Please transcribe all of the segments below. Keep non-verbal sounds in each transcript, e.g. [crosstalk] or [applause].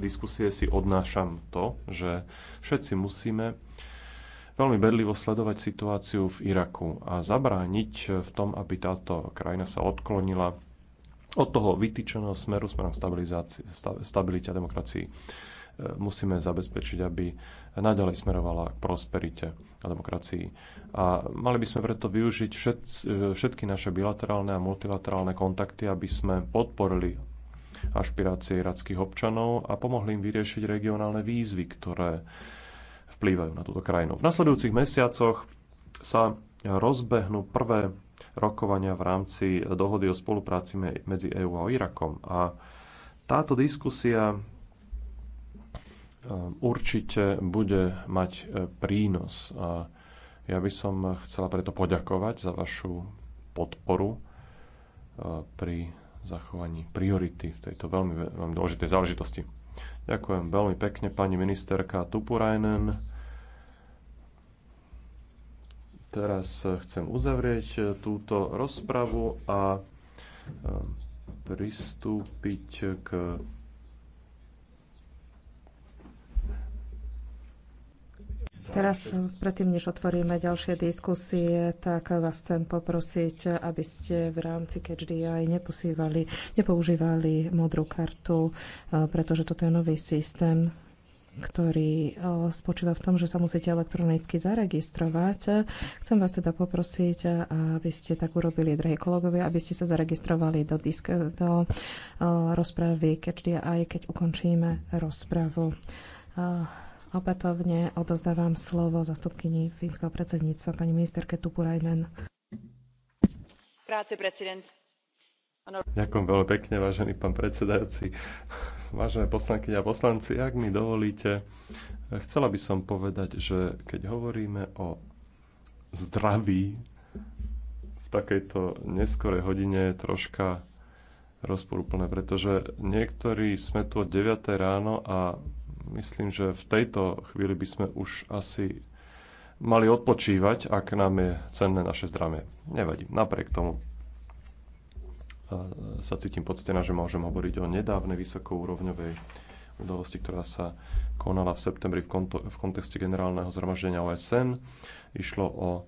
diskusie si odnášam to, že všetci musíme veľmi bedlivo sledovať situáciu v Iraku a zabrániť v tom, aby táto krajina sa odklonila od toho vytýčeného smeru smerom stabilite a demokracii. E, musíme zabezpečiť, aby naďalej smerovala k prosperite a demokracii. A mali by sme preto využiť e, všetky naše bilaterálne a multilaterálne kontakty, aby sme podporili ašpirácie irackých občanov a pomohli im vyriešiť regionálne výzvy, ktoré vplývajú na túto krajinu. V nasledujúcich mesiacoch sa rozbehnú prvé rokovania v rámci dohody o spolupráci medzi EÚ a Irakom. A táto diskusia e, určite bude mať e, prínos. A ja by som chcela preto poďakovať za vašu podporu e, pri zachovaní priority v tejto veľmi, veľmi dôležitej záležitosti. Ďakujem veľmi pekne pani ministerka Tupurajnen. Teraz chcem uzavrieť eh, túto rozpravu a eh, pristúpiť k Teraz, predtým, než otvoríme ďalšie diskusie, tak vás chcem poprosiť, aby ste v rámci CatchDI neposívali, nepoužívali modrú kartu, eh, pretože toto je nový systém, ktorý eh, spočíva v tom, že sa musíte elektronicky zaregistrovať. Chcem vás teda poprosiť, eh, aby ste tak urobili, drahí kolegovia, aby ste sa zaregistrovali do, disk, do rozpravy aj keď ukončíme rozpravu. Opätovne odozdávam slovo zastupkyni fínskeho predsedníctva pani ministerke Tupurajnen. Ďakujem veľmi pekne, vážený pán predsedajúci. Vážené poslanky a poslanci, ak mi dovolíte, chcela by som povedať, že keď hovoríme o zdraví v takejto neskorej hodine je troška rozporúplné, pretože niektorí sme tu od 9. ráno a myslím, že v tejto chvíli by sme už asi mali odpočívať, ak nám je cenné naše zdravie. Nevadí, napriek tomu e, sa cítim poctená, že môžem hovoriť o nedávnej vysokourovňovej udalosti, ktorá sa konala v septembri v, kont- v kontexte generálneho zhromaždenia OSN. Išlo o e,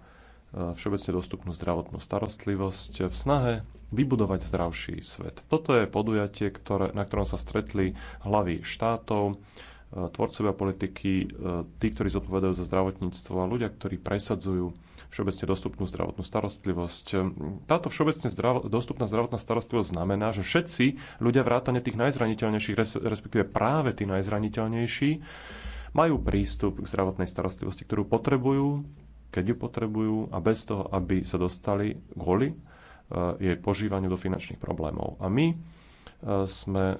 všeobecne dostupnú zdravotnú starostlivosť v snahe vybudovať zdravší svet. Toto je podujatie, ktoré, na ktorom sa stretli hlavy štátov, E, tvorcovia politiky, e, tí, ktorí zodpovedajú za zdravotníctvo a ľudia, ktorí presadzujú všeobecne dostupnú zdravotnú starostlivosť. E, táto všeobecne zdrav- dostupná zdravotná starostlivosť znamená, že všetci ľudia vrátane tých najzraniteľnejších, res- respektíve práve tí najzraniteľnejší, majú prístup k zdravotnej starostlivosti, ktorú potrebujú, keď ju potrebujú a bez toho, aby sa dostali kvôli jej požívaniu do finančných problémov. A my sme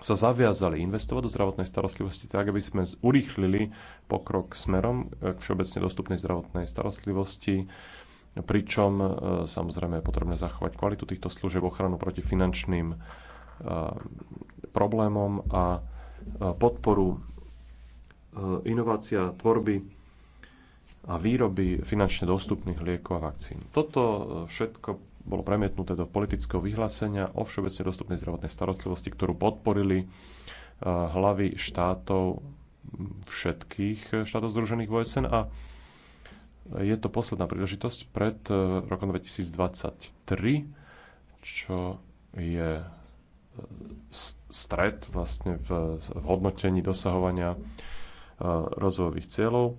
sa zaviazali investovať do zdravotnej starostlivosti tak, aby sme urýchlili pokrok smerom eh, k všeobecne dostupnej zdravotnej starostlivosti, pričom eh, samozrejme je potrebné zachovať kvalitu týchto služieb, ochranu proti finančným eh, problémom a podporu inovácia tvorby a výroby finančne dostupných liekov a vakcín. Toto všetko bolo premietnuté do politického vyhlásenia o všeobecne dostupnej zdravotnej starostlivosti, ktorú podporili eh, hlavy štátov všetkých štátov združených v OSN a je to posledná príležitosť pred eh, rokom 2023, čo je eh, stred vlastne v hodnotení dosahovania rozvojových cieľov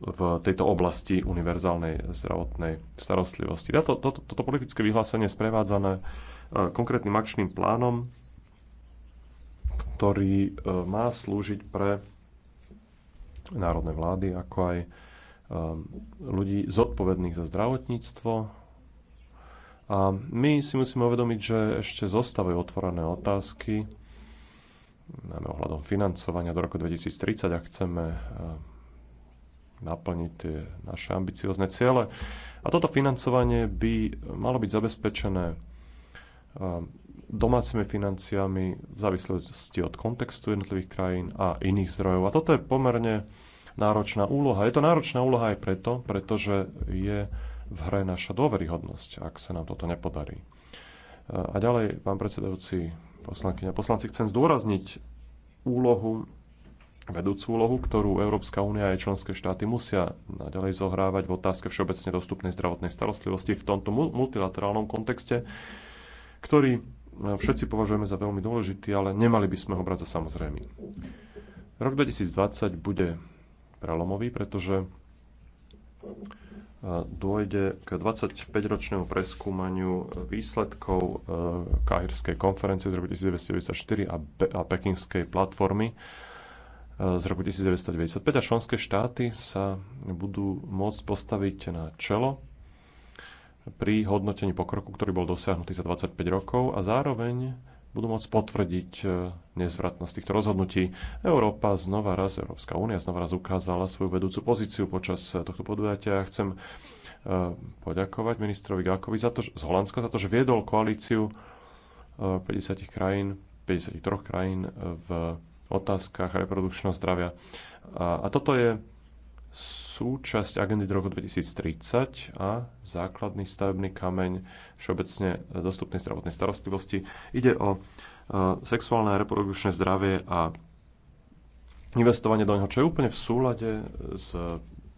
v tejto oblasti univerzálnej zdravotnej starostlivosti. Toto, to, toto politické vyhlásenie je sprevádzané e, konkrétnym akčným plánom, ktorý e, má slúžiť pre národné vlády, ako aj e, ľudí zodpovedných za zdravotníctvo. A my si musíme uvedomiť, že ešte zostávajú otvorené otázky, najmä ohľadom financovania do roku 2030, ak chceme naplniť tie naše ambiciozne ciele. A toto financovanie by malo byť zabezpečené um, domácimi financiami v závislosti od kontextu jednotlivých krajín a iných zdrojov. A toto je pomerne náročná úloha. Je to náročná úloha aj preto, pretože je v hre naša dôveryhodnosť, ak sa nám toto nepodarí. A ďalej, pán predsedajúci, poslankyňa, poslanci, chcem zdôrazniť úlohu vedúcu úlohu, ktorú Európska únia a jej členské štáty musia naďalej zohrávať v otázke všeobecne dostupnej zdravotnej starostlivosti v tomto multilaterálnom kontexte, ktorý e, všetci považujeme za veľmi dôležitý, ale nemali by sme ho brať za samozrejmy. Rok 2020 bude prelomový, pretože e, dôjde k 25-ročnému preskúmaniu výsledkov e, Kahirskej konferencie z roku 1994 a, Be- a Pekinskej platformy z roku 1995 a členské štáty sa budú môcť postaviť na čelo pri hodnotení pokroku, ktorý bol dosiahnutý za 25 rokov a zároveň budú môcť potvrdiť e, nezvratnosť týchto rozhodnutí. Európa znova raz, Európska únia znova raz ukázala svoju vedúcu pozíciu počas e, tohto podujatia. Ja chcem e, poďakovať ministrovi Gákovi za to, z Holandska za to, že viedol koalíciu 50 krajín, 53 krajín v otázkach reprodukčného zdravia. A, a toto je súčasť agendy do roku 2030 a základný stavebný kameň všeobecne dostupnej zdravotnej starostlivosti. Ide o sexuálne a reprodukčné zdravie a investovanie do neho, čo je úplne v súlade s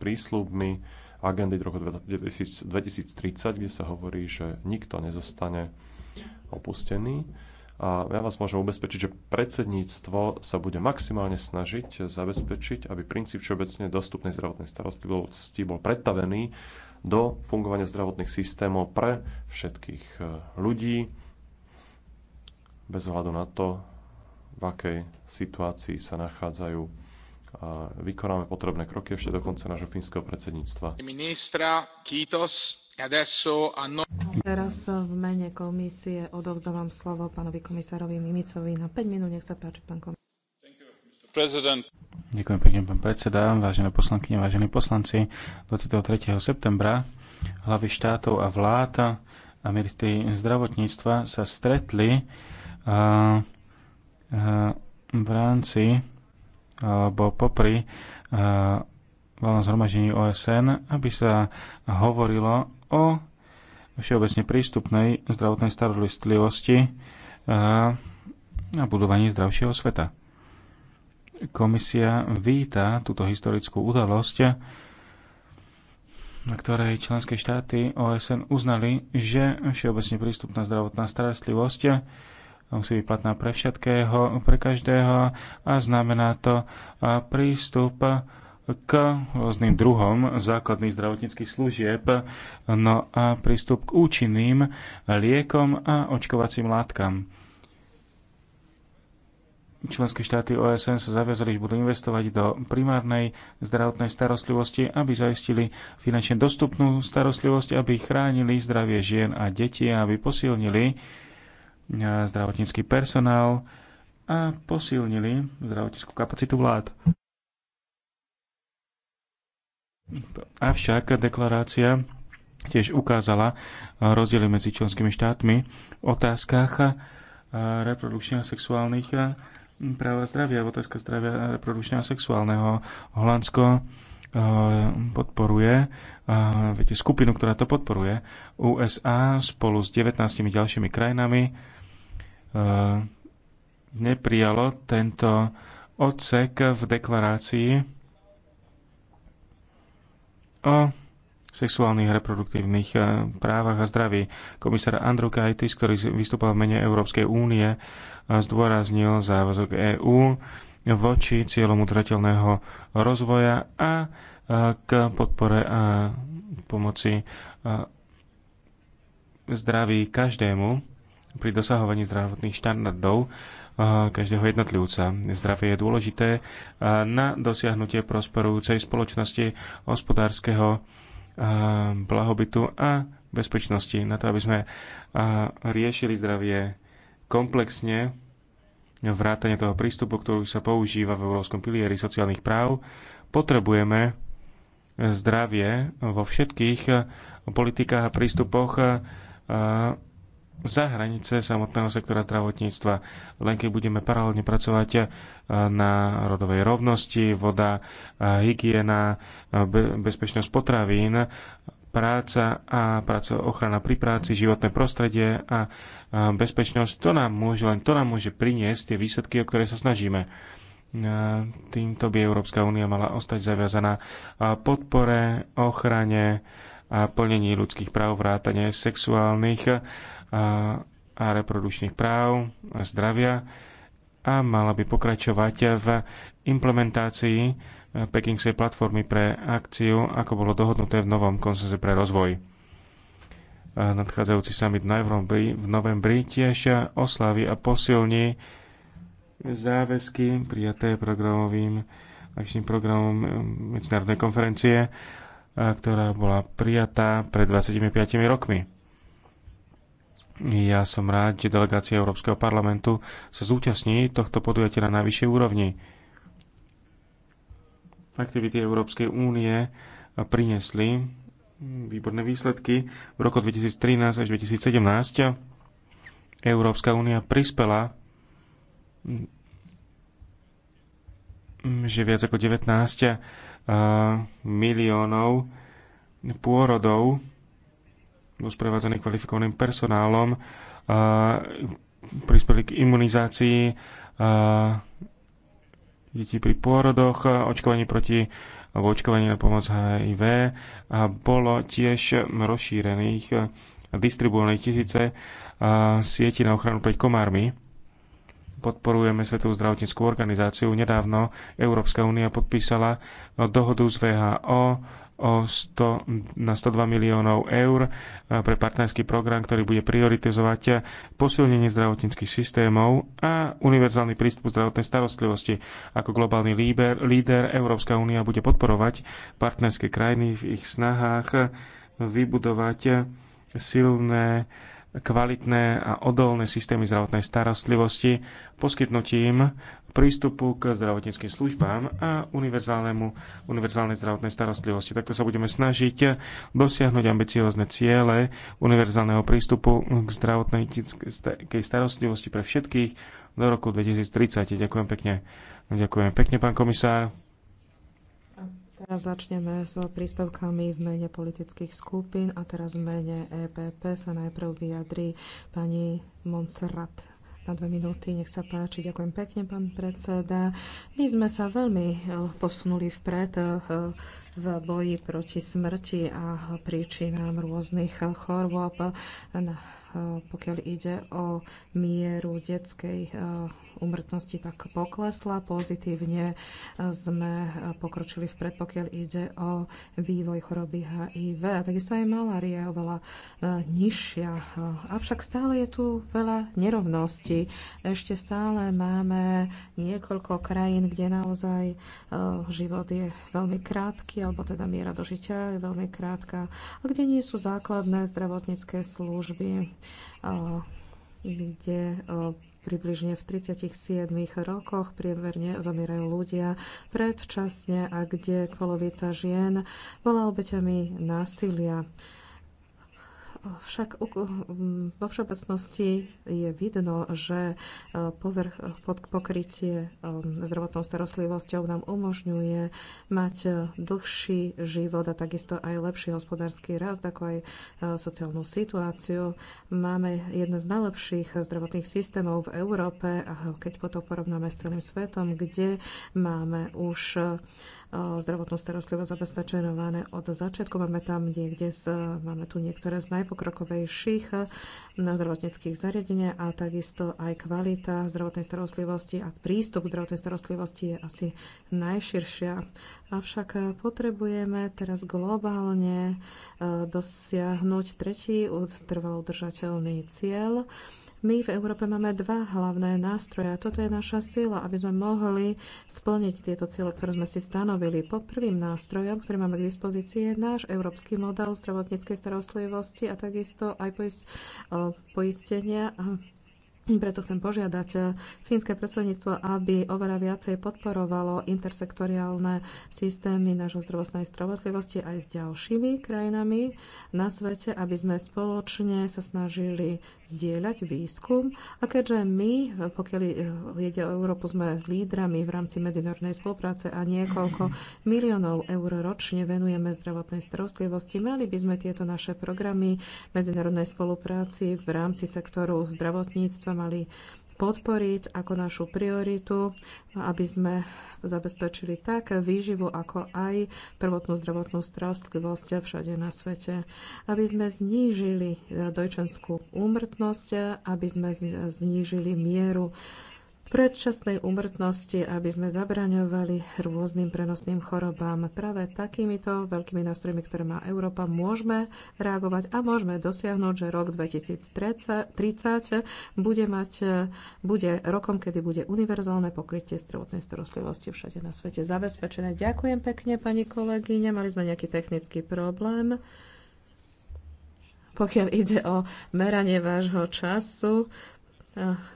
prísľubmi agendy do roku 2030, kde sa hovorí, že nikto nezostane opustený a ja vás môžem ubezpečiť, že predsedníctvo sa bude maximálne snažiť zabezpečiť, aby princíp všeobecne dostupnej zdravotnej starostlivosti bol predtavený do fungovania zdravotných systémov pre všetkých e, ľudí, bez ohľadu na to, v akej situácii sa nachádzajú. A vykonáme potrebné kroky ešte do konca nášho fínskeho predsedníctva. Ministra, kýtos. No- Teraz v mene komisie odovzdávam slovo pánovi komisárovi Mimicovi na 5 minút. Nech sa páči, pán komisár. Ďakujem pekne, pán predseda, vážené poslanky, vážení poslanci. 23. septembra hlavy štátov a vlád a ministri zdravotníctva sa stretli a, a, v rámci alebo popri a, zhromaždení OSN, aby sa hovorilo o všeobecne prístupnej zdravotnej starostlivosti a budovaní zdravšieho sveta. Komisia víta túto historickú udalosť, na ktorej členské štáty OSN uznali, že všeobecne prístupná zdravotná starostlivosť musí byť platná pre všetkého, pre každého a znamená to prístup k rôznym druhom základných zdravotníckých služieb, no a prístup k účinným liekom a očkovacím látkam. Členské štáty OSN sa zaviazali, že budú investovať do primárnej zdravotnej starostlivosti, aby zaistili finančne dostupnú starostlivosť, aby chránili zdravie žien a detí, aby posilnili eh, zdravotnícky personál a posilnili zdravotníckú kapacitu vlád. Avšak deklarácia tiež ukázala rozdiely medzi členskými štátmi v otázkach eh, reprodukčných a sexuálnych eh, práva zdravia, v otázka zdravia reprodukčného a sexuálneho. Holandsko eh, podporuje, viete, skupinu, ktorá to podporuje, USA spolu s 19 ďalšími krajinami neprijalo tento odsek v deklarácii o sexuálnych reproduktívnych e, právach a zdraví. Komisár Andrew Kajtis, ktorý vystupoval v mene Európskej únie, e, zdôraznil závazok EÚ voči cieľom udržateľného rozvoja a e, k podpore a pomoci zdraví každému pri dosahovaní zdravotných štandardov eh, každého jednotlivca. Zdravie je dôležité eh, na dosiahnutie prosperujúcej spoločnosti, hospodárskeho eh, blahobytu a bezpečnosti. Na to, aby sme riešili zdravie komplexne, vrátane toho prístupu, ktorý sa používa v Európskom pilieri sociálnych práv, potrebujeme zdravie vo všetkých politikách a prístupoch za hranice samotného sektora zdravotníctva. Len keď budeme paralelne pracovať eh, na rodovej rovnosti, voda, eh, hygiena, eh, bezpečnosť potravín, práca a práca, ochrana pri práci, životné prostredie a bezpečnosť, to nám môže, len to nám môže priniesť tie výsledky, o ktoré sa snažíme. Týmto by Európska únia mala ostať zaviazaná podpore, ochrane a plnení ľudských práv, vrátane sexuálnych a reprodučných práv a zdravia a mala by pokračovať v implementácii e, Pekingskej platformy pre akciu, ako bolo dohodnuté v novom konsenze pre rozvoj. E, nadchádzajúci summit v novembri, v novembri tiež oslaví a posilní záväzky prijaté programovým akčným programom e, medzinárodnej konferencie, ktorá bola prijatá pred 25 rokmi. Ja som rád, že delegácia Európskeho parlamentu sa zúčastní tohto podujatia na najvyššej úrovni. Aktivity Európskej únie priniesli výborné výsledky. V roku 2013 až 2017 Európska únia prispela že viac ako 19 eh, miliónov pôrodov bol sprevádzaný kvalifikovaným personálom, eh, prispeli k imunizácii eh, detí pri pôrodoch, očkovaní proti alebo očkovanie na pomoc HIV a bolo tiež rozšírených a distribuovaných tisíce eh, sieti na ochranu pred komármi. Podporujeme Svetovú zdravotníckú organizáciu. Nedávno Európska únia podpísala dohodu z VHO o 100, na 102 miliónov eur e, pre partnerský program, ktorý bude prioritizovať posilnenie zdravotníckých systémov a univerzálny prístup zdravotnej starostlivosti. Ako globálny líber, líder Európska únia bude podporovať partnerské krajiny v ich snahách vybudovať silné kvalitné a odolné systémy zdravotnej starostlivosti, poskytnutím prístupu k zdravotníckým službám a univerzálnemu, univerzálnej zdravotnej starostlivosti. Takto sa budeme snažiť dosiahnuť ambiciózne ciele univerzálneho prístupu k zdravotnej starostlivosti pre všetkých do roku 2030. Ďakujem pekne. Ďakujem pekne, pán komisár. Teraz začneme s príspevkami v mene politických skupín a teraz v mene EPP sa najprv vyjadrí pani Montserrat na dve minúty. Nech sa páči. Ďakujem pekne, pán predseda. My sme sa veľmi eh, posunuli vpred eh, v boji proti smrti a príčinám rôznych eh, chorôb, pokiaľ ide o mieru detskej umrtnosti tak poklesla. Pozitívne sme pokročili v predpokiaľ ide o vývoj choroby HIV. A takisto aj malária je oveľa e, nižšia. Avšak stále je tu veľa nerovností. Ešte stále máme niekoľko krajín, kde naozaj e, život je veľmi krátky, alebo teda miera dožitia je veľmi krátka, a kde nie sú základné zdravotnícke služby kde e, Približne v 37 rokoch priemerne zomierajú ľudia predčasne a kde polovica žien bola obeťami násilia. Však vo všeobecnosti je vidno, že e, povrch, pod pokrytie e, zdravotnou starostlivosťou nám umožňuje mať e, dlhší život a takisto aj lepší hospodársky rast, ako aj sociálnu situáciu. Máme jedno z najlepších zdravotných systémov v Európe, a keď potom porovnáme s celým svetom, kde máme už zdravotnú starostlivosť zabezpečenované od začiatku. Máme tam niekde, máme tu niektoré z najpokojnejších pokrokovejších na zdravotníckých zariadeniach a takisto aj kvalita zdravotnej starostlivosti a prístup k zdravotnej starostlivosti je asi najširšia. Avšak potrebujeme teraz globálne eh, dosiahnuť tretí trvalo udržateľný cieľ my v Európe máme dva hlavné nástroje a toto je naša sila, aby sme mohli splniť tieto ciele, ktoré sme si stanovili. Pod prvým nástrojom, ktorý máme k dispozícii, je náš európsky model zdravotníckej starostlivosti a takisto aj poistenia preto chcem požiadať eh, fínske predsedníctvo, aby oveľa viacej podporovalo intersektoriálne systémy nášho zdravotnej starostlivosti aj s ďalšími krajinami na svete, aby sme spoločne sa snažili zdieľať výskum. A keďže my, pokiaľ ide o Európu, sme lídrami v rámci medzinárodnej spolupráce a niekoľko miliónov eur ročne venujeme zdravotnej starostlivosti, mali by sme tieto naše programy medzinárodnej spolupráci v rámci sektoru zdravotníctva mali podporiť ako našu prioritu, aby sme zabezpečili tak výživu, ako aj prvotnú zdravotnú starostlivosť všade na svete. Aby sme znížili dojčenskú úmrtnosť, aby sme znížili mieru predčasnej úmrtnosti, aby sme zabraňovali rôznym prenosným chorobám. Práve takýmito veľkými nástrojmi, ktoré má Európa, môžeme reagovať a môžeme dosiahnuť, že rok 2030 bude, mať, bude rokom, kedy bude univerzálne pokrytie zdravotnej starostlivosti všade na svete zabezpečené. Ďakujem pekne, pani kolegy. Mali sme nejaký technický problém. Pokiaľ ide o meranie vášho času,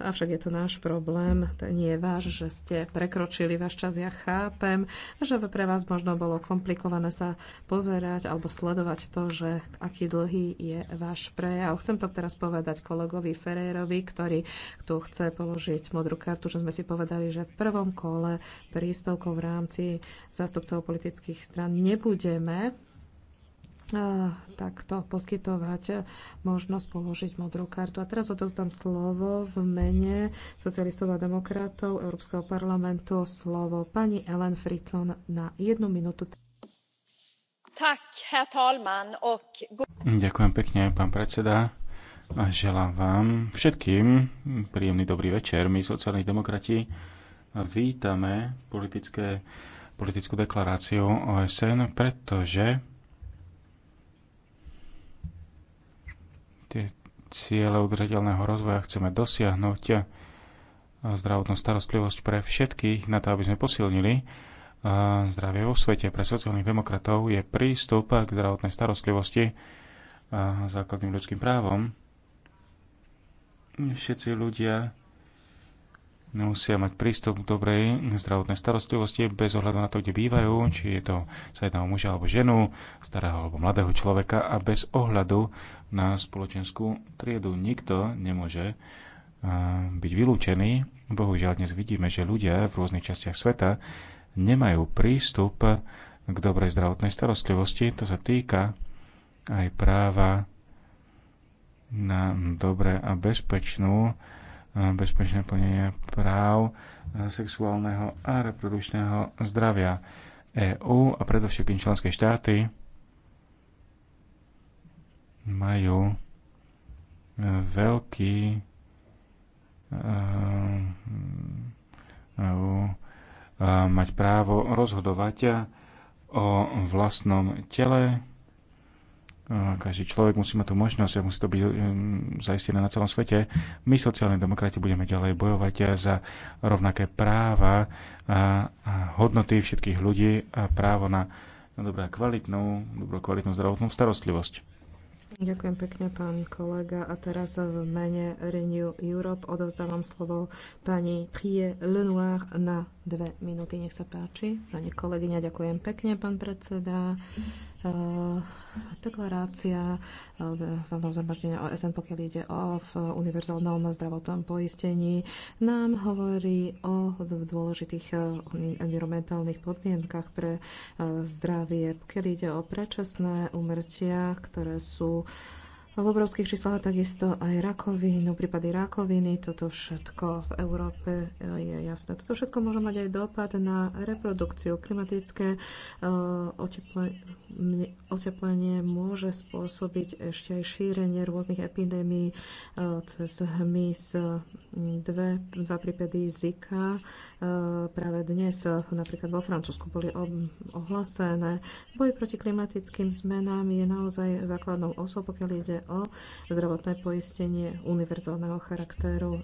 Avšak je to náš problém, to nie je váš, že ste prekročili váš čas. Ja chápem, že pre vás možno bolo komplikované sa pozerať alebo sledovať to, že aký dlhý je váš prejav. Chcem to teraz povedať kolegovi Ferrerovi, ktorý tu chce položiť modrú kartu, že sme si povedali, že v prvom kole príspevkov v rámci zástupcov politických stran nebudeme takto poskytovať možnosť položiť modrú kartu. A teraz odovzdám slovo v mene socialistov a demokratov Európskeho parlamentu slovo pani Ellen Fritzon na jednu minútu. Ďakujem pekne, pán predseda. A želám vám všetkým príjemný dobrý večer. My, sociálni demokrati, vítame politické, politickú deklaráciu OSN, pretože tie ciele udržateľného rozvoja chceme dosiahnuť zdravotnú starostlivosť pre všetkých, na to, aby sme posilnili eh, zdravie vo svete. Pre sociálnych demokratov je prístup k zdravotnej starostlivosti eh, základným ľudským právom. Všetci ľudia musia mať prístup k dobrej zdravotnej starostlivosti bez ohľadu na to, kde bývajú, či je to sa jedná o muža alebo ženu, starého alebo mladého človeka a bez ohľadu na spoločenskú triedu. Nikto nemôže eh, byť vylúčený. Bohužiaľ dnes vidíme, že ľudia v rôznych častiach sveta nemajú prístup k dobrej zdravotnej starostlivosti. To sa týka aj práva na dobré a bezpečnú bezpečné plnenie práv sexuálneho a reprodukčného zdravia EÚ a predovšetkým členské štáty majú e, veľký uh, mať právo rozhodovať o vlastnom tele, každý človek musí mať tú možnosť a musí to byť um, zaistené na celom svete. My, sociálni demokrati, budeme ďalej bojovať za rovnaké práva a hodnoty všetkých ľudí a právo na, na dobrá kvalitnú, dobrú kvalitnú zdravotnú starostlivosť. Ďakujem pekne, pán kolega. A teraz v mene Renew Europe odovzdávam slovo pani Trie Lenoir na dve minúty. Nech sa páči. Pani kolegyňa, ďakujem pekne, pán predseda. mm deklarácia hlavného zhromaždenia OSN, pokiaľ ide o v univerzálnom zdravotnom poistení, nám hovorí o dôležitých environmentálnych podmienkach pre zdravie. Pokiaľ ide o predčasné umrtia, ktoré sú v obrovských číslach takisto aj rakovinu, prípady rakoviny, toto všetko v Európe e, je jasné. Toto všetko môže mať aj dopad na reprodukciu. Klimatické e, oteplenie môže spôsobiť ešte aj šírenie rôznych epidémií e, cez hmyz. Dve, dva prípady Zika práve dnes napríklad vo Francúzsku boli ohlasené. Boj proti klimatickým zmenám je naozaj základnou osobou, pokiaľ ide o zdravotné poistenie univerzálneho charakteru.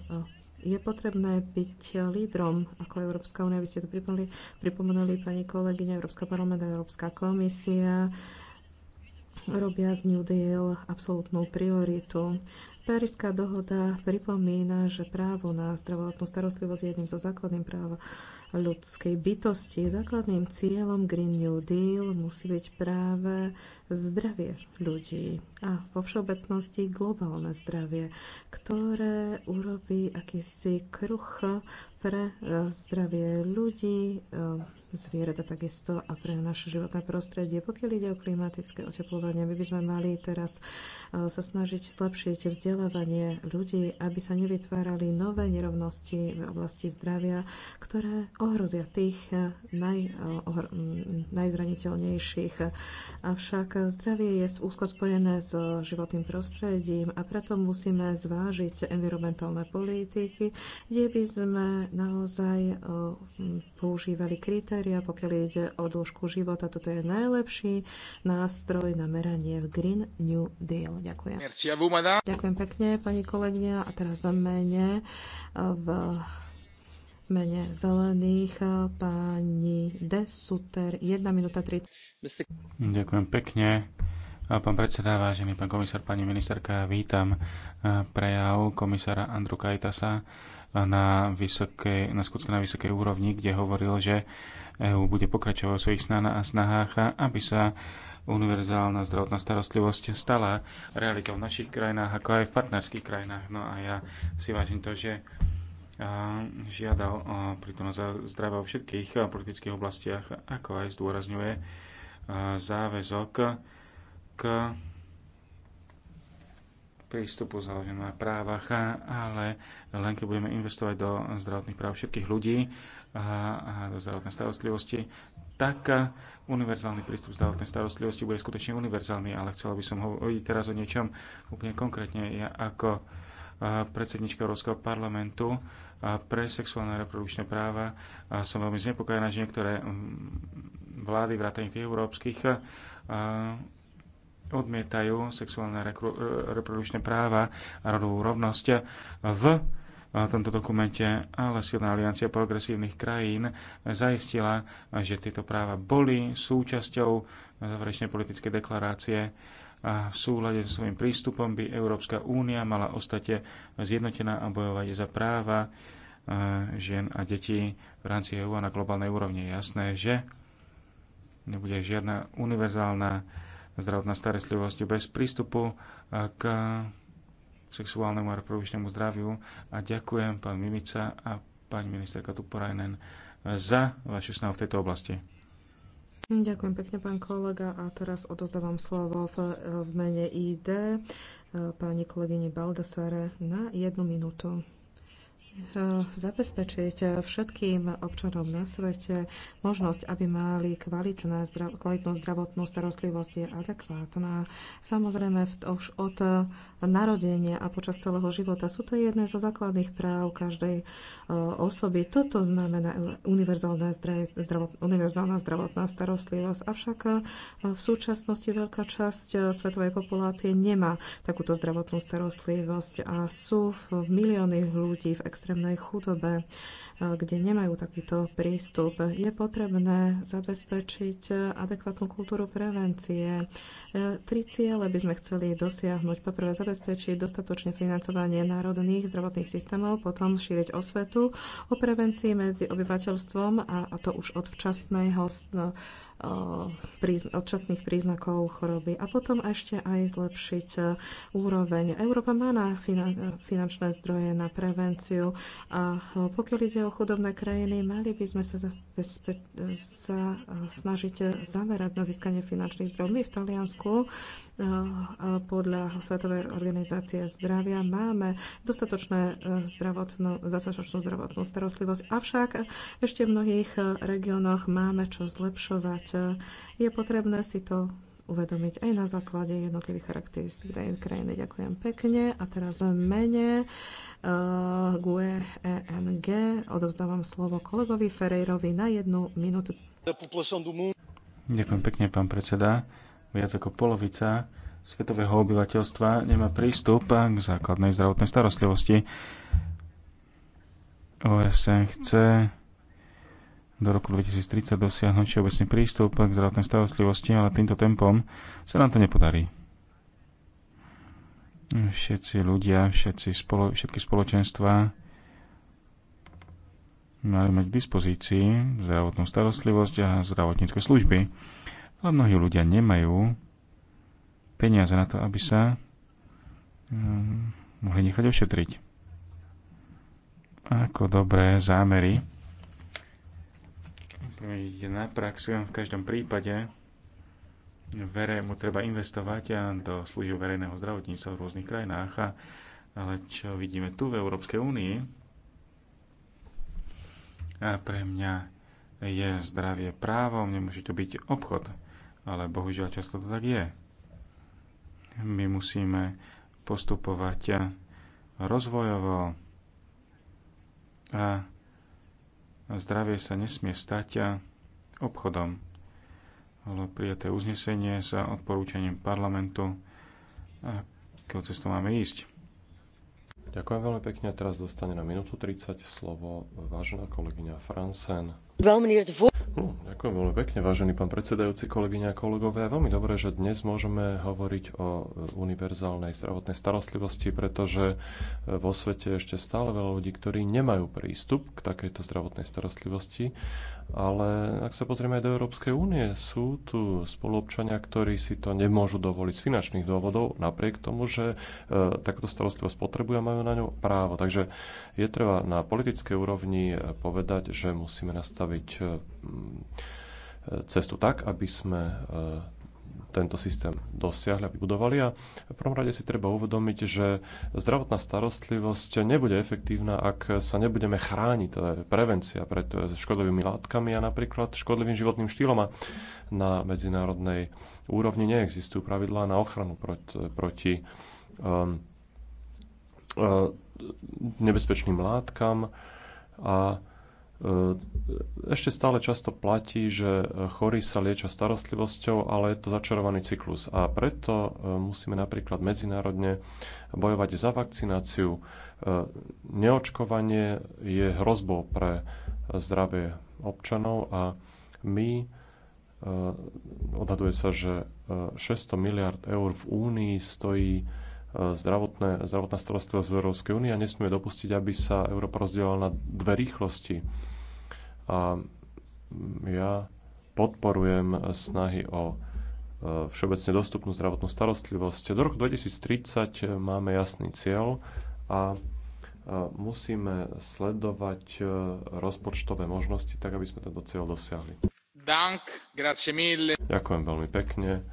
Je potrebné byť lídrom ako Európska únia. Vy ste to pripomenuli, pripomenuli pani kolegyňa, Európska parlament a Európska komisia robia z New Deal absolútnu prioritu. Paríska dohoda pripomína, že právo na zdravotnú starostlivosť je jedným zo základných práv ľudskej bytosti. Základným cieľom Green New Deal musí byť práve zdravie ľudí a vo všeobecnosti globálne zdravie, ktoré urobí akýsi kruh pre e, zdravie ľudí, e, zvierat a takisto a pre naše životné prostredie. Pokiaľ ide o klimatické oteplovanie, my by sme mali teraz e, sa snažiť zlepšiť vzdelanie vzdelávanie ľudí, aby sa nevytvárali nové nerovnosti v oblasti zdravia, ktoré ohrozia tých eh, naj, eh, ohr, mm, najzraniteľnejších. Avšak zdravie je úzko spojené s životným prostredím a preto musíme zvážiť environmentálne politiky, kde by sme naozaj eh, používali kritéria, pokiaľ ide o dĺžku života. Toto je najlepší nástroj na meranie v Green New Deal. Ďakujem. Merci vous, Ďakujem pekne pekne, pani kolegyňa. A teraz v mene, v mene zelených pani Suter, 1 minúta 30. Ďakujem pekne. Pán predseda, vážený pán komisár, pani ministerka, vítam prejav komisára Andru Kajtasa na, vysokej, na skutočne na vysokej úrovni, kde hovoril, že EÚ bude pokračovať v svojich snahách, aby sa univerzálna zdravotná starostlivosť stala realitou v našich krajinách, ako aj v partnerských krajinách. No a ja si vážim to, že žiadal pritom za zdravé vo všetkých politických oblastiach, ako aj zdôrazňuje záväzok k prístupu založenom na právach, ale len keď budeme investovať do zdravotných práv všetkých ľudí a do zdravotnej starostlivosti, tak univerzálny prístup zdravotnej starostlivosti bude skutočne univerzálny, ale chcela by som hovoriť teraz o niečom úplne konkrétne. Ja ako e, predsednička Európskeho parlamentu e, pre sexuálne a reprodukčné práva e, som veľmi znepokojená, že niektoré vlády, vrátane tých európskych, odmietajú sexuálne reprodukčné práva a rodovú rovnosť v v tomto dokumente, ale silná aliancia progresívnych krajín zaistila, že tieto práva boli súčasťou záverečnej politickej deklarácie a v súlade so svojím prístupom by Európska únia mala ostate zjednotená a bojovať za práva e, žien a detí v rámci EU a na globálnej úrovni. Je jasné, že nebude žiadna univerzálna zdravotná starostlivosť bez prístupu k sexuálnemu a reprodukčnému zdraviu a ďakujem pán Mimica a pani ministerka Tuporajnen za vaše snahu v tejto oblasti. Ďakujem pekne, pán kolega. A teraz odozdávam slovo v, v mene ID eh, pani kolegyni Baldasare na jednu minútu. Eh, zabezpečiť eh, všetkým občanom na svete možnosť, aby mali kvalitné, zdrav, kvalitnú zdravotnú starostlivosť je adekvátna. Samozrejme už od eh, narodenia a počas celého života sú to jedné zo základných práv každej osoby. Toto znamená e, univerzálna, zdravot, univerzálna zdravotná starostlivosť. Avšak v súčasnosti veľká časť svetovej populácie nemá takúto zdravotnú starostlivosť a sú milióny ľudí v extrémnej extrémnej chudobe kde nemajú takýto prístup. Je potrebné zabezpečiť adekvátnu kultúru prevencie. E, tri ciele by sme chceli dosiahnuť. Poprvé zabezpečiť dostatočne financovanie národných zdravotných systémov, potom šíriť osvetu o prevencii medzi obyvateľstvom a to už od včasného no, odčasných príznakov choroby. A potom ešte aj zlepšiť e, úroveň. Európa má na finančné zdroje na prevenciu a e, pokiaľ ide o o chudobné krajiny, mali by sme sa, bezpe- sa snažiť zamerať na získanie finančných zdrojov. My v Taliansku eh, podľa Svetovej organizácie zdravia máme dostatočné eh, zdravotnú, dostatočnú zdravotnú starostlivosť, avšak ešte v mnohých eh, regiónoch máme čo zlepšovať. Je potrebné si to uvedomiť aj na základe jednotlivých charakteristík danej krajiny. Ďakujem pekne. A teraz v mene uh, GUE ENG odovzdávam slovo kolegovi Ferejrovi na jednu minútu. Ďakujem pekne, pán predseda. Viac ako polovica svetového obyvateľstva nemá prístup k základnej zdravotnej starostlivosti. OSN chce do roku 2030 dosiahnuť všeobecný prístup k zdravotnej starostlivosti, ale týmto tempom sa nám to nepodarí. Všetci ľudia, všetci spolo, všetky spoločenstva mali mať k dispozícii zdravotnú starostlivosť a zdravotnícke služby. Ale mnohí ľudia nemajú peniaze na to, aby sa hm, mohli nechať ošetriť. Ako dobré zámery ide na prax. V každom prípade verejmu treba investovať do služieb verejného zdravotníctva v rôznych krajinách. A, ale čo vidíme tu v Európskej únii, a pre mňa je zdravie právom, nemôže to byť obchod. Ale bohužiaľ často to tak je. My musíme postupovať rozvojovo a zdravie sa nesmie stať obchodom. Bolo prijaté uznesenie sa odporúčaním parlamentu, akou cestou máme ísť. Ďakujem veľmi pekne. Teraz dostane na minútu 30 slovo vážna kolegyňa Fransen. Veľmi No, ďakujem veľmi pekne, vážený pán predsedajúci, kolegyne a kolegovia. Veľmi dobré, že dnes môžeme hovoriť o e, univerzálnej zdravotnej starostlivosti, pretože e, vo svete ešte stále veľa ľudí, ktorí nemajú prístup k takejto zdravotnej starostlivosti. Ale ak sa pozrieme aj do Európskej únie, sú tu spoluobčania, ktorí si to nemôžu dovoliť z finančných dôvodov, napriek tomu, že e, takúto starostlivosť potrebujú a majú na ňu právo. Takže je treba na politickej úrovni e, povedať, že musíme nastaviť cestu tak, aby sme e, tento systém dosiahli a vybudovali. A v prvom rade si treba uvedomiť, že zdravotná starostlivosť nebude efektívna, ak sa nebudeme chrániť, teda prevencia pred škodlivými látkami a napríklad škodlivým životným štýlom. A na medzinárodnej úrovni neexistujú pravidlá na ochranu proti, proti um, e, nebezpečným látkam a E, ešte stále často platí, že chorí sa liečia starostlivosťou, ale je to začarovaný cyklus. A preto e, musíme napríklad medzinárodne bojovať za vakcináciu. E, neočkovanie je hrozbou pre zdravie občanov a my odhaduje sa, že 600 miliard eur v Únii stojí zdravotné, zdravotná starostlivosť v Európskej únie a nesmieme dopustiť, aby sa Európa rozdielala na dve rýchlosti. A ja podporujem snahy o e, všeobecne dostupnú zdravotnú starostlivosť. Do roku 2030 máme jasný cieľ a e, musíme sledovať e, rozpočtové možnosti, tak aby sme tento cieľ dosiahli. Dank, grazie mille. Ďakujem veľmi pekne.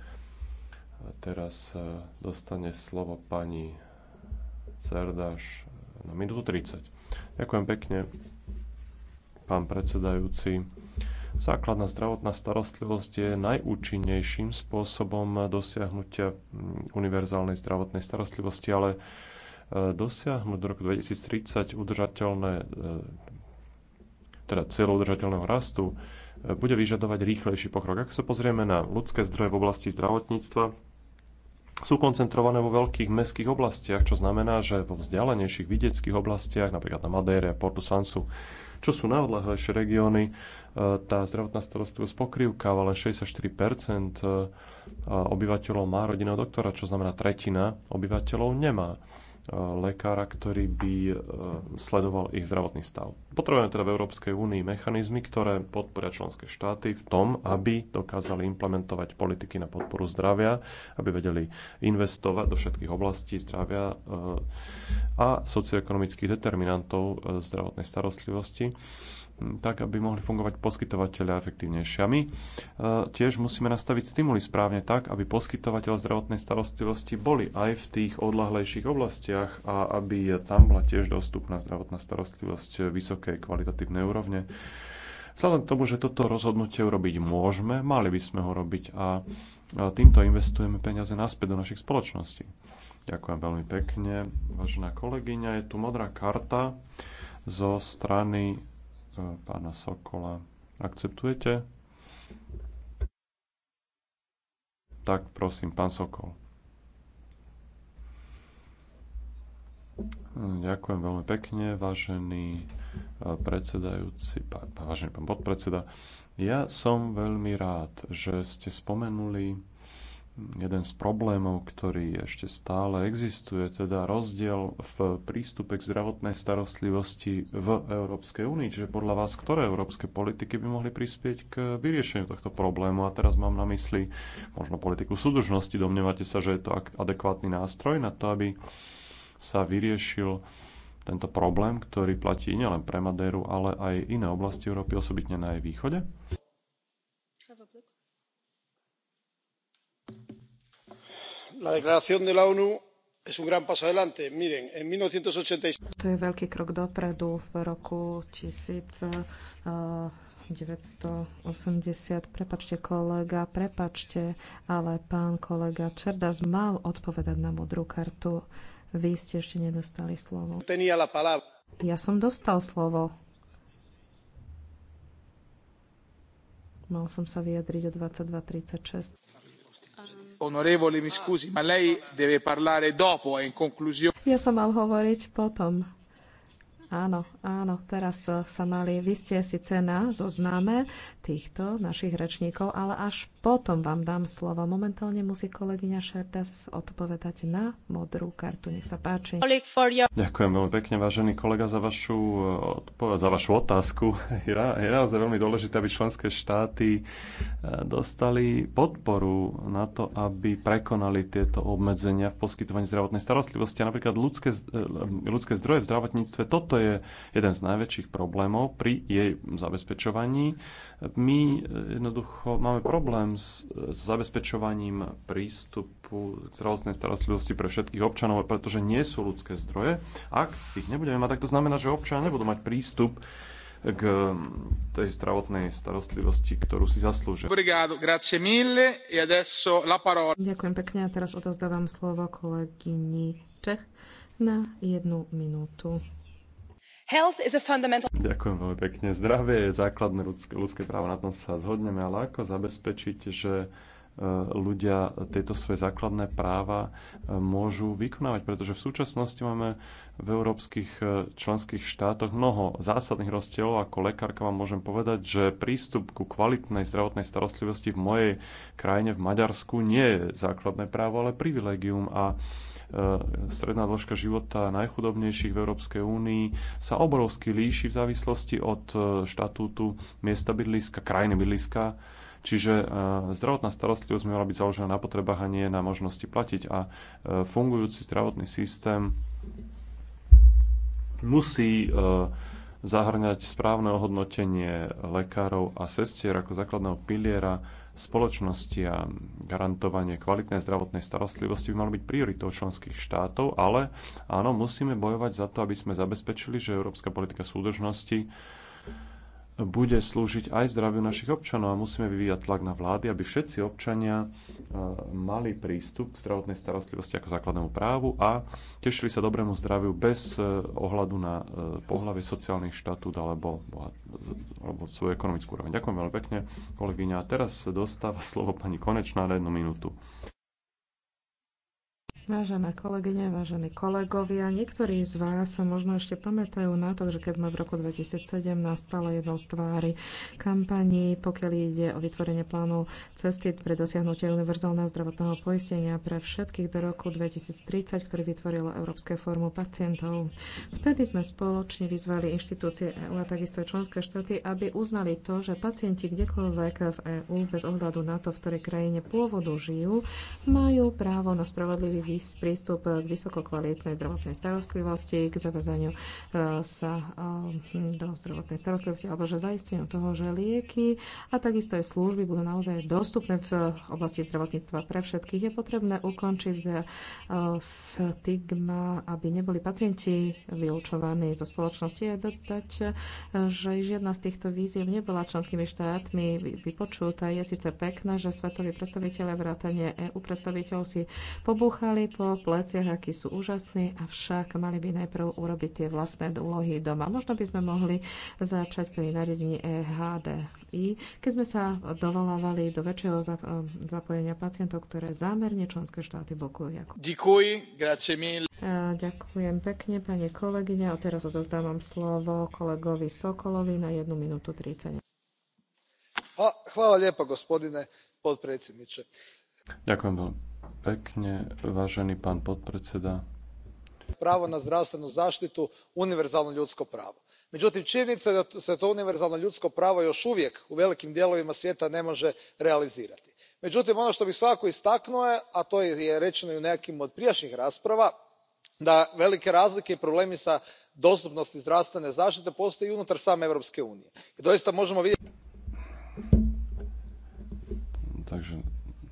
Teraz e, dostane slovo pani Cerdáš na minútu 30. Ďakujem pekne, pán predsedajúci. Základná zdravotná starostlivosť je najúčinnejším spôsobom dosiahnutia mm, univerzálnej zdravotnej starostlivosti, ale e, dosiahnuť do roku 2030 udržateľné e, teda cieľov udržateľného rastu, e, bude vyžadovať rýchlejší pokrok. Ak sa pozrieme na ľudské zdroje v oblasti zdravotníctva, sú koncentrované vo veľkých mestských oblastiach, čo znamená, že vo vzdialenejších vidieckých oblastiach, napríklad na Madére a Portu Sansu, čo sú najodlahlejšie regióny, e, tá zdravotná starostlivosť pokrývka, ale 64 e, obyvateľov má rodinného doktora, čo znamená tretina obyvateľov nemá. E, lekára, ktorý by e, sledoval ich zdravotný stav. Potrebujeme teda v Európskej únii mechanizmy, ktoré podporia členské štáty v tom, aby dokázali implementovať politiky na podporu zdravia, aby vedeli investovať do všetkých oblastí zdravia e, a socioekonomických determinantov zdravotnej starostlivosti tak, aby mohli fungovať poskytovateľia efektívnejšie. A my e, tiež musíme nastaviť stimuly správne tak, aby poskytovateľ zdravotnej starostlivosti boli aj v tých odlahlejších oblastiach a aby tam bola tiež dostupná zdravotná starostlivosť vysokej kvalitatívnej úrovne. Vzhľadom k tomu, že toto rozhodnutie urobiť môžeme, mali by sme ho robiť a týmto investujeme peniaze naspäť do našich spoločností. Ďakujem veľmi pekne. Vážená kolegyňa, je tu modrá karta zo strany pána Sokola. Akceptujete? Tak prosím, pán Sokol. Ďakujem veľmi pekne, vážený eh, predsedajúci, vážený pán podpredseda. Ja som veľmi rád, že ste spomenuli jeden z problémov, ktorý ešte stále existuje, teda rozdiel v prístupe k zdravotnej starostlivosti v Európskej únii. Čiže podľa vás, ktoré európske politiky by mohli prispieť k vyriešeniu tohto problému? A teraz mám na mysli možno politiku súdržnosti. Domnievate sa, že je to adekvátny nástroj na to, aby sa vyriešil tento problém, ktorý platí nielen pre Madéru, ale aj iné oblasti Európy, osobitne na jej východe? la declaración de la onu es un gran paso adelante. Miren, en 1986... To je veľký krok dopredu v roku 1900. 980. Eh, prepačte, kolega, prepačte, ale pán kolega Čerdas mal odpovedať na modrú kartu. Vy ste ešte nedostali slovo. No ja som dostal slovo. Mal som sa vyjadriť o 22.36. Onorevole, mi scusi, ma lei deve parlare dopo, in conclusione. Ja som mal hovoriť potom. Áno, áno, teraz eh, sa mali, vy ste cena na týchto našich rečníkov, ale až potom vám dám slovo. Momentálne musí kolegyňa Šerda odpovedať na modrú kartu. Nech sa páči. Ďakujem veľmi pekne, vážený kolega, za vašu, eh, za vašu otázku. [laughs] Je, je naozaj veľmi dôležité, aby členské štáty eh, dostali podporu na to, aby prekonali tieto obmedzenia v poskytovaní zdravotnej starostlivosti. A napríklad ľudské, ľudské zdroje v zdravotníctve, toto toto je jeden z najväčších problémov pri jej zabezpečovaní. My e, jednoducho máme problém s, s zabezpečovaním prístupu k zdravotnej starostlivosti pre všetkých občanov, pretože nie sú ľudské zdroje. Ak ich nebudeme mať, tak to znamená, že občania nebudú mať prístup k tej zdravotnej starostlivosti, ktorú si zaslúžia. E Ďakujem pekne a teraz odozdávam slovo kolegyni Čech na jednu minútu. Health is a fundamental... Ďakujem veľmi pekne. Zdravie je základné ľudské, ľudské právo, na tom sa zhodneme, ale ako zabezpečiť, že e, ľudia tieto svoje základné práva e, môžu vykonávať, pretože v súčasnosti máme v európskych e, členských štátoch mnoho zásadných rozdielov. Ako lekárka vám môžem povedať, že prístup ku kvalitnej zdravotnej starostlivosti v mojej krajine, v Maďarsku, nie je základné právo, ale privilegium a E, stredná dĺžka života najchudobnejších v Európskej únii sa obrovsky líši v závislosti od e, štatútu miesta bydliska, krajiny bydliska. Čiže e, zdravotná starostlivosť by mala byť založená na potrebách a nie na možnosti platiť. A fungujúci zdravotný systém musí zahrňať správne ohodnotenie lekárov a sestier ako základného piliera spoločnosti a garantovanie kvalitnej zdravotnej starostlivosti by malo byť prioritou členských štátov, ale áno, musíme bojovať za to, aby sme zabezpečili, že európska politika súdržnosti bude slúžiť aj zdraviu našich občanov a musíme vyvíjať tlak na vlády, aby všetci občania e, mali prístup k zdravotnej starostlivosti ako základnému právu a tešili sa dobrému zdraviu bez e, ohľadu na e, pohľavie sociálny štatút alebo, alebo svoju ekonomickú úroveň. Ďakujem veľmi pekne, kolegyňa. A teraz dostáva [laughs] slovo pani Konečná na jednu minútu. Vážené kolegyne, vážení kolegovia, niektorí z vás sa možno ešte pamätajú na to, že keď sme v roku 2017 stále jednou z tvári kampanii, pokiaľ ide o vytvorenie plánu cesty pre dosiahnutie univerzálneho zdravotného poistenia pre všetkých do roku 2030, ktorý vytvorilo Európske formu pacientov. Vtedy sme spoločne vyzvali inštitúcie EU a takisto aj členské štáty, aby uznali to, že pacienti kdekoľvek v EÚ bez ohľadu na to, v ktorej krajine pôvodu žijú, majú právo na spravodlivý prístup k vysokokvalitnej zdravotnej starostlivosti, k zavezaniu e, sa e, do zdravotnej starostlivosti alebo že zaisteniu toho, že lieky a takisto aj služby budú naozaj dostupné v oblasti zdravotníctva pre všetkých. Je potrebné ukončiť e, stigma, aby neboli pacienti vylúčovaní zo spoločnosti. Je dodať, že žiadna z týchto víziev nebola členskými štátmi vypočutá. Je síce pekné, že svetoví predstaviteľe vrátane EU predstaviteľov si pobúchali aj po pleciach, akí sú úžasní, avšak mali by najprv urobiť tie vlastné úlohy doma. Možno by sme mohli začať pri nariadení EHDI, keď sme sa dovolávali do väčšieho e, zapojenia pacientov, ktoré zámerne členské štáty blokujú. Ďakujem, grazie mille. E, ďakujem pekne, pani kolegyňa. A teraz odozdávam slovo kolegovi Sokolovi na 1 minútu 30. A, chvála lijepa, gospodine podpredsedniče. Ďakujem veľmi pekne, vážený pán podpredseda. Právo na zdravstvenu zaštitu univerzalno ljudsko pravo. Međutim, činjenica je da se to univerzalno ljudsko pravo još uvijek u velikim dijelovima svijeta ne može realizirati. Međutim, ono što bih svako istaknuo je, a to je rečeno i u nekim od prijašnjih rasprava, da velike razlike i problemi sa dostupnosti zdravstvene zaštite postoje i unutar same Europske unije. I doista možemo vidjeti... Takže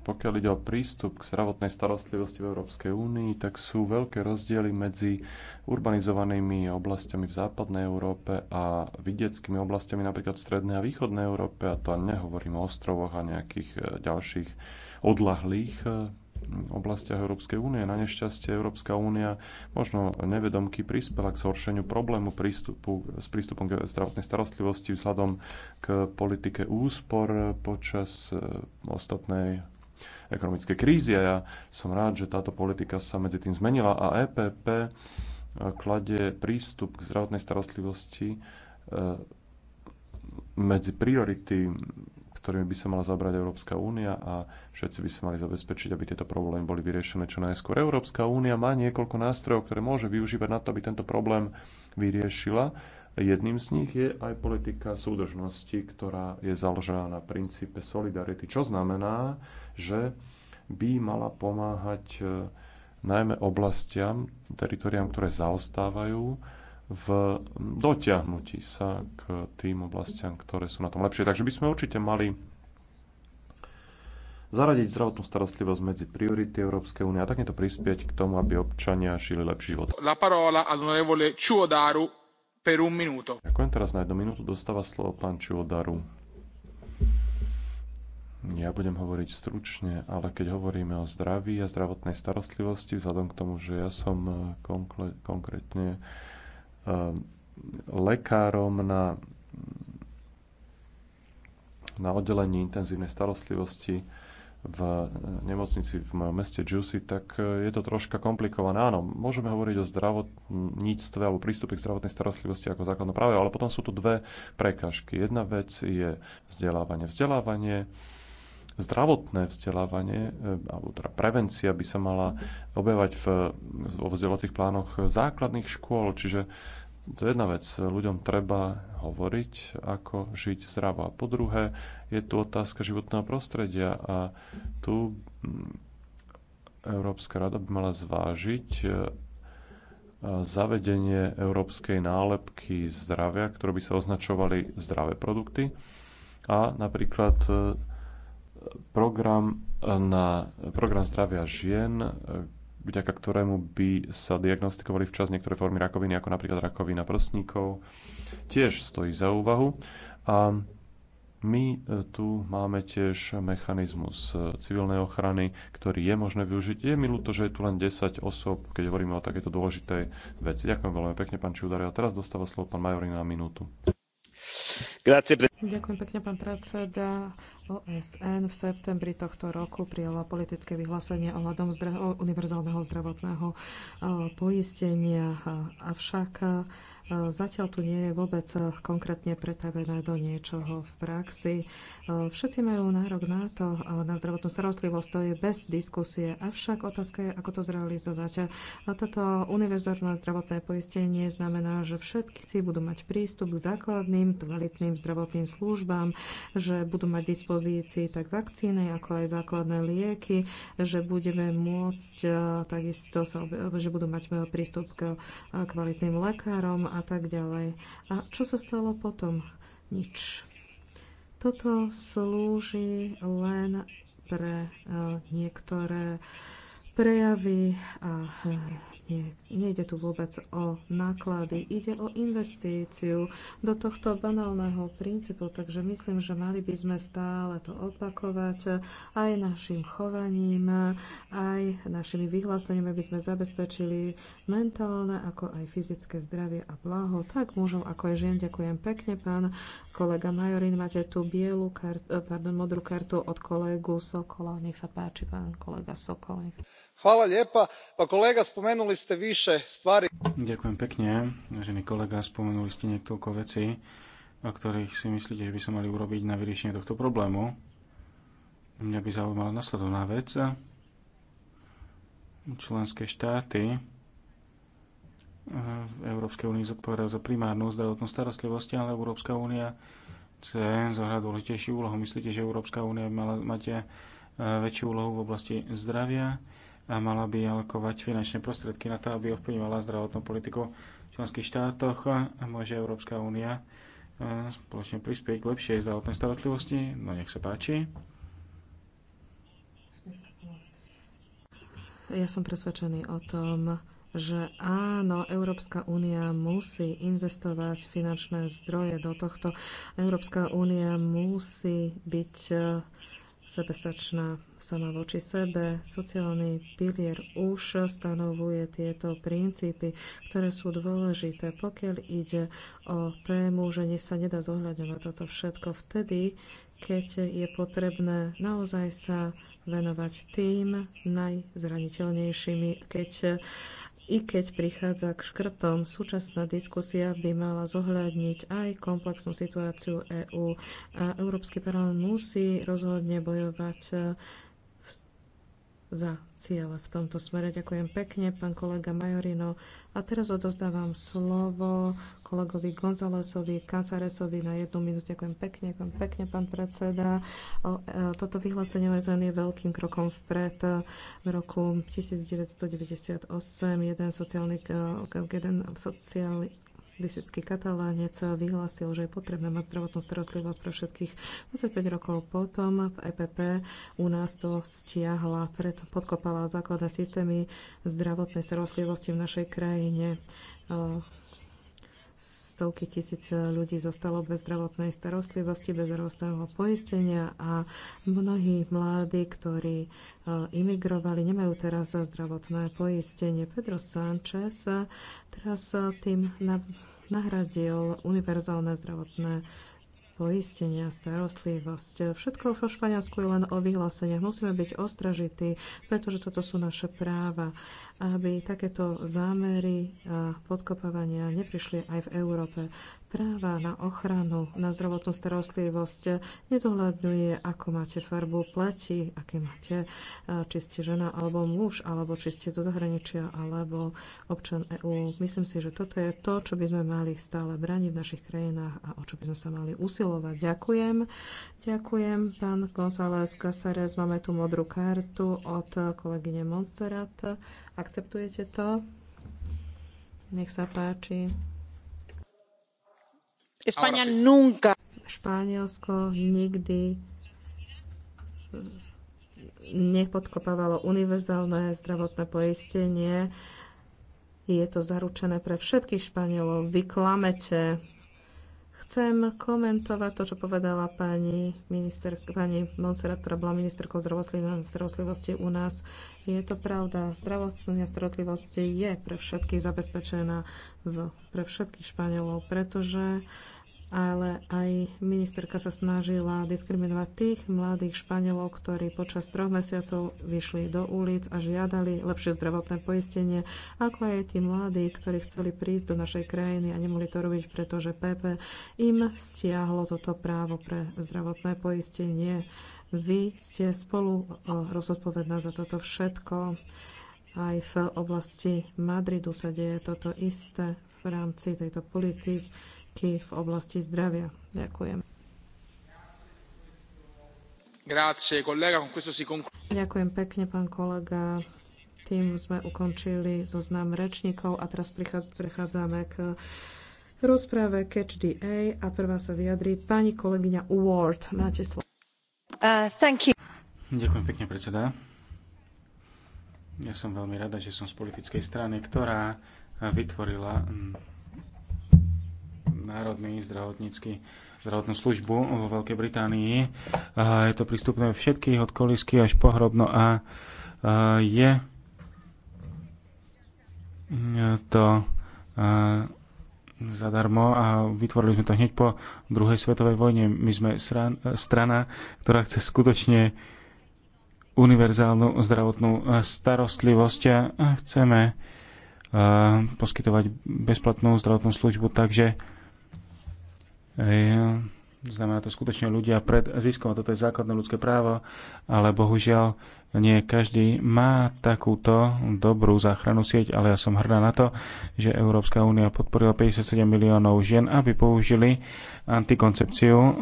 pokiaľ ide o prístup k zdravotnej starostlivosti v Európskej únii, tak sú veľké rozdiely medzi urbanizovanými oblastiami v západnej Európe a vidieckými oblastiami napríklad v strednej a východnej Európe. A to nehovorím o ostrovoch a nejakých e, ďalších odlahlých e, oblastiach Európskej únie. Na nešťastie Európska únia možno nevedomky prispela k zhoršeniu problému prístupu, s prístupom k zdravotnej starostlivosti vzhľadom k politike úspor e, počas ostatnej ekonomické krízy a ja som rád, že táto politika sa medzi tým zmenila a EPP eh, kladie prístup k zdravotnej starostlivosti eh, medzi priority, ktorými by sa mala zabrať Európska únia a všetci by sme mali zabezpečiť, aby tieto problémy boli vyriešené čo najskôr. Európska únia má niekoľko nástrojov, ktoré môže využívať na to, aby tento problém vyriešila Jedným z nich je aj politika súdržnosti, ktorá je založená na princípe solidarity, čo znamená, že by mala pomáhať e, najmä oblastiam, teritoriám, ktoré zaostávajú v dotiahnutí sa k tým oblastiam, ktoré sú na tom lepšie. Takže by sme určite mali zaradiť zdravotnú starostlivosť medzi priority Európskej únie a takýmto prispieť k tomu, aby občania žili lepší život. La parola all'onorevole per un minuto. Ďakujem, teraz na jednu minútu dostáva slovo pán Čuodaru. Ja budem hovoriť stručne, ale keď hovoríme o zdraví a zdravotnej starostlivosti, vzhľadom k tomu, že ja som eh, konkrétne um, lekárom na, na oddelení intenzívnej starostlivosti, v nemocnici v meste Juicy, tak e, je to troška komplikované. Áno, môžeme hovoriť o zdravotníctve alebo prístupe k zdravotnej starostlivosti ako základné práve, ale potom sú tu dve prekažky. Jedna vec je vzdelávanie. Vzdelávanie zdravotné vzdelávanie, e, alebo teda prevencia by sa mala objavať v, v vzdelávacích plánoch základných škôl, čiže to je jedna vec. Ľuďom treba hovoriť, ako žiť zdravo. A po druhé, je tu otázka životného prostredia. A tu mm, Európska rada by mala zvážiť e, zavedenie európskej nálepky zdravia, ktoré by sa označovali zdravé produkty a napríklad e, program, na, program zdravia žien, vďaka ktorému by sa diagnostikovali včas niektoré formy rakoviny, ako napríklad rakovina prstníkov, tiež stojí za úvahu. A my e, tu máme tiež mechanizmus e, civilnej ochrany, ktorý je možné využiť. Je mi ľúto, že je tu len 10 osôb, keď hovoríme o takéto dôležitej veci. Ďakujem veľmi pekne, pán Čudar. A teraz dostáva slovo pán Majorina na minútu. Ďakujem pekne, pán predseda. OSN v septembri tohto roku prijala politické vyhlásenie ohľadom univerzálneho zdravotného e, poistenia. E, avšak e, zatiaľ tu nie je vôbec konkrétne pretavené do niečoho v praxi. Všetci majú nárok na to, na zdravotnú starostlivosť, to je bez diskusie. Avšak otázka je, ako to zrealizovať. A toto univerzálne zdravotné poistenie znamená, že všetci budú mať prístup k základným kvalitným zdravotným službám, že budú mať dispozíciu dispozícii tak vakcíny, ako aj základné lieky, že budeme môcť e, takisto, sa, že budú mať e, prístup k e, kvalitným lekárom a tak ďalej. A čo sa stalo potom? Nič. Toto slúži len pre niektoré prejavy a nie, nejde tu vôbec o náklady, ide o investíciu do tohto banálneho princípu, takže myslím, že mali by sme stále to opakovať aj našim chovaním, aj našimi vyhláseniami, aby sme zabezpečili mentálne, ako aj fyzické zdravie a blaho, tak mužov ako aj žien. Ďakujem pekne, pán kolega Majorin. Máte tu bielu kartu, pardon, modrú kartu od kolegu Sokola. Nech sa páči, pán kolega Sokol. Nech... Ďakujem pekne, vážený kolega, spomenuli ste niekoľko vecí, o ktorých si myslíte, že by sa mali urobiť na vyriešenie tohto problému. Mňa by zaujímala nasledovná vec. Členské štáty eh, v Európskej únii zodpovedá za primárnu zdravotnú starostlivosť, ale Európska únia chce zohrať dôležitejšiu úlohu. Myslíte, že Európska únia by mala mať eh, väčšiu úlohu v oblasti zdravia? a mala by alokovať finančné prostriedky na to, aby ovplyvňovala zdravotnú politiku v členských štátoch a môže Európska únia spoločne prispieť k lepšej zdravotnej starostlivosti. No nech sa páči. Ja som presvedčený o tom, že áno, Európska únia musí investovať finančné zdroje do tohto. Európska únia musí byť sebestačná sama voči sebe. Sociálny pilier už stanovuje tieto princípy, ktoré sú dôležité, pokiaľ ide o tému, že sa nedá zohľadňovať toto všetko vtedy, keď je potrebné naozaj sa venovať tým najzraniteľnejšími, keď i keď prichádza k škrtom, súčasná diskusia by mala zohľadniť aj komplexnú situáciu EÚ a Európsky parlament musí rozhodne bojovať za ciele v tomto smere. Ďakujem pekne, pán kolega Majorino. A teraz odozdávam slovo kolegovi Gonzalesovi Kazaresovi na jednu minútu. Ďakujem pekne, ďakujem pekne, pán predseda. E, toto vyhlásenie OSN je veľkým krokom vpred. V roku 1998 jeden sociálny, e, jeden sociálny Lisický katalánec vyhlásil, že je potrebné mať zdravotnú starostlivosť pre všetkých 25 rokov potom v EPP u nás to stiahla, preto podkopala základné systémy zdravotnej starostlivosti v našej krajine stovky tisíc ľudí zostalo bez zdravotnej starostlivosti, bez zdravotného poistenia a mnohí mladí, ktorí e, imigrovali, nemajú teraz za zdravotné poistenie. Pedro Sánchez teraz e, tým nahradil univerzálne zdravotné poistenia, starostlivosť. Všetko v Španielsku je len o vyhláseniach. Musíme byť ostražití, pretože toto sú naše práva, aby takéto zámery a podkopávania neprišli aj v Európe práva na ochranu, na zdravotnú starostlivosť nezohľadňuje, ako máte farbu pleti, aké máte, eh, či ste žena alebo muž, alebo či ste zo zahraničia, alebo občan EÚ. Myslím si, že toto je to, čo by sme mali stále braniť v našich krajinách a o čo by sme sa mali usilovať. Ďakujem. Ďakujem, pán González Casares. Máme tu modrú kartu od kolegyne Montserrat. Akceptujete to? Nech sa páči. España nunca. Španielsko nikdy nepodkopávalo univerzálne zdravotné poistenie. Je to zaručené pre všetkých Španielov. Vy klamete. Chcem komentovať to, čo povedala pani, minister, pani Monserrat, ktorá bola ministerkou zdravotlivosti u nás. Je to pravda. Zdravotná starostlivosť je pre všetkých zabezpečená, v, pre všetkých Španielov, pretože uh, ale aj ministerka sa snažila diskriminovať tých mladých Španielov, ktorí počas troch mesiacov vyšli do ulic a žiadali lepšie zdravotné poistenie, ako aj tí mladí, ktorí chceli prísť do našej krajiny a nemohli to robiť, pretože PP im stiahlo toto právo pre zdravotné poistenie. Vy ste spolu rozodpovedná za toto všetko. Aj v oblasti Madridu sa deje toto isté v rámci tejto politiky výsledky v oblasti zdravia. Ďakujem. Ďakujem pekne, pán kolega. Tým sme ukončili zoznam rečníkov a teraz prechádzame k rozprave Catch DA a prvá sa vyjadrí pani kolegyňa Ward. Máte slovo. Uh, thank you. Ďakujem pekne, predseda. Ja som veľmi rada, že som z politickej strany, ktorá vytvorila mm, národný zdravotnícky zdravotnú službu vo Veľkej Británii. Je to prístupné všetkých od kolisky až po hrobno a je to zadarmo a vytvorili sme to hneď po druhej svetovej vojne. My sme strana, ktorá chce skutočne univerzálnu zdravotnú starostlivosť a chceme poskytovať bezplatnú zdravotnú službu, takže Znamená to skutočne ľudia pred ziskom, a toto je základné ľudské právo, ale bohužiaľ nie každý má takúto dobrú záchranu sieť, ale ja som hrdá na to, že Európska únia podporila 57 miliónov žien, aby použili antikoncepciu, eh,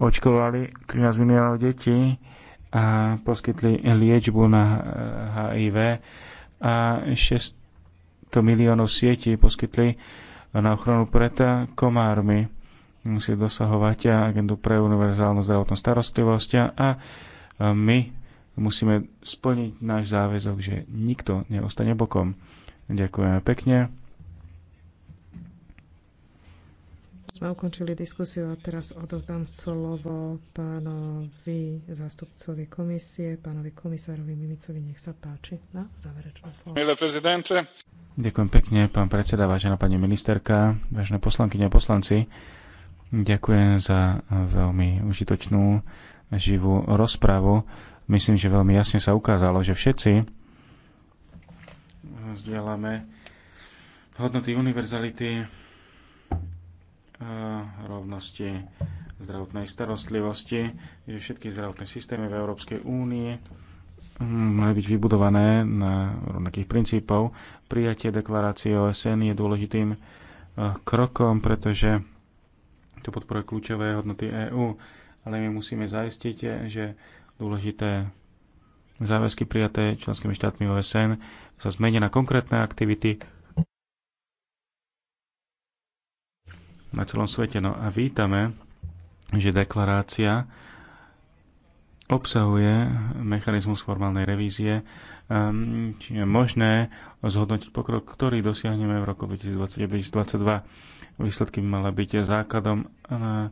očkovali 13 miliónov detí a poskytli liečbu na HIV eh, a 600 miliónov sietí poskytli na ochranu pred komármi. Musí dosahovať agendu pre univerzálnu zdravotnú starostlivosť a my musíme splniť náš záväzok, že nikto neostane bokom. Ďakujeme pekne. sme ukončili diskusiu a teraz odozdám slovo pánovi zástupcovi komisie, pánovi komisárovi Mimicovi. Nech sa páči na záverečné slovo. Ďakujem pekne, pán predseda, vážená pani ministerka, vážené poslankyne a poslanci. Ďakujem za veľmi užitočnú živú rozprávu. Myslím, že veľmi jasne sa ukázalo, že všetci zdieľame hodnoty univerzality rovnosti zdravotnej starostlivosti, že všetky zdravotné systémy v Európskej únii mm, mali byť vybudované na rovnakých princípov. Prijatie deklarácie OSN je dôležitým e, krokom, pretože to podporuje kľúčové hodnoty EÚ, ale my musíme zaistiť, že dôležité záväzky prijaté členskými štátmi OSN sa zmenia na konkrétne aktivity na celom svete. No a vítame, že deklarácia obsahuje mechanizmus formálnej revízie, ehm, či je možné zhodnotiť pokrok, ktorý dosiahneme v roku 2020-2022. Výsledky by mala byť základom na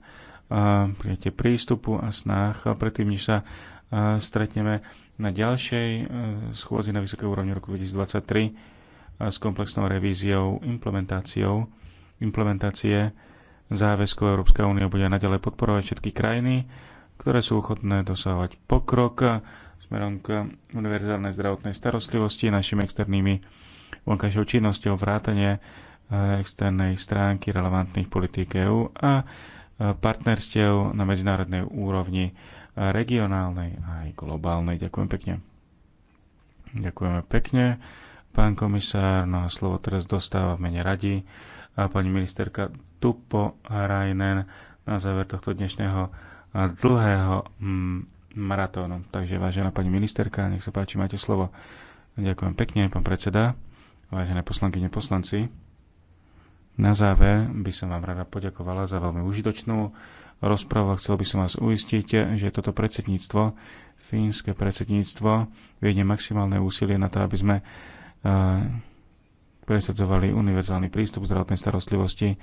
eh, prijatie prístupu a snách predtým, než sa eh, stretneme na ďalšej eh, schôdzi na vysokej úrovni roku 2023 s komplexnou revíziou, implementáciou, implementácie záväzku Európska únia bude naďalej podporovať všetky krajiny, ktoré sú ochotné dosahovať pokrok smerom k univerzálnej zdravotnej starostlivosti našimi externými vonkajšou činnosťou vrátanie eh, externej stránky relevantných politík EÚ a eh, partnerstiev na medzinárodnej úrovni regionálnej a aj globálnej. Ďakujem pekne. Ďakujeme pekne. Pán komisár, no a slovo teraz dostáva v mene radi a pani ministerka Tupo Rajnen na záver tohto dnešného dlhého mm, maratónu. Takže vážená pani ministerka, nech sa páči, máte slovo. Ďakujem pekne, pán predseda, vážené poslankyne, poslanci. Na záver by som vám rada poďakovala za veľmi užitočnú rozpravu a chcel by som vás uistiť, že toto predsedníctvo, fínske predsedníctvo, viedne maximálne úsilie na to, aby sme uh, presadzovali univerzálny prístup k zdravotnej starostlivosti,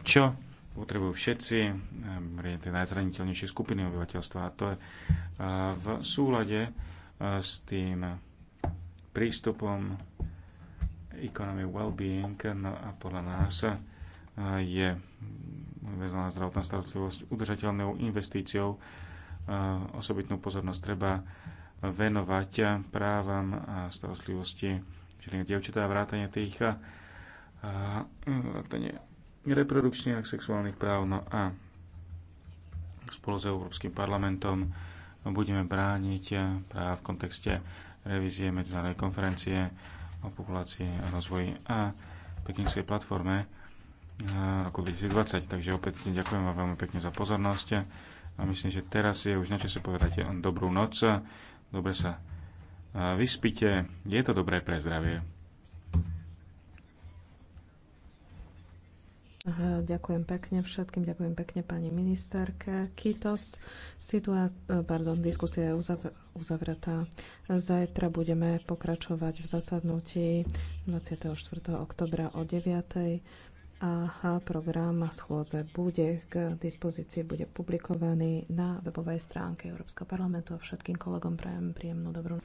čo potrebujú všetci, ehm, tie najzraniteľnejšie skupiny obyvateľstva. A to je v súlade s tým prístupom economy well-being no a podľa nás je univerzálna zdravotná starostlivosť udržateľnou investíciou. Osobitnú pozornosť treba venovať právam a starostlivosti ženy dievčatá a vrátanie tých a, a, vrátanie reprodukčných a sexuálnych práv. No a spolu s Európskym parlamentom budeme brániť práv v kontexte revízie medzinárodnej konferencie o populácii a rozvoji a pekinskej platforme roku 2020. Takže opäť ďakujem vám veľmi pekne za pozornosť a myslím, že teraz je už na čase povedať dobrú noc. Dobre sa vyspite. Je to dobré pre zdravie. Ďakujem pekne všetkým, ďakujem pekne pani ministerke. Kitos, situá... pardon, diskusia je uzavretá. Zajtra budeme pokračovať v zasadnutí 24. oktobra o 9. A program schôdze bude k dispozícii, bude publikovaný na webovej stránke Európskeho parlamentu a všetkým kolegom prajem príjemnú dobrú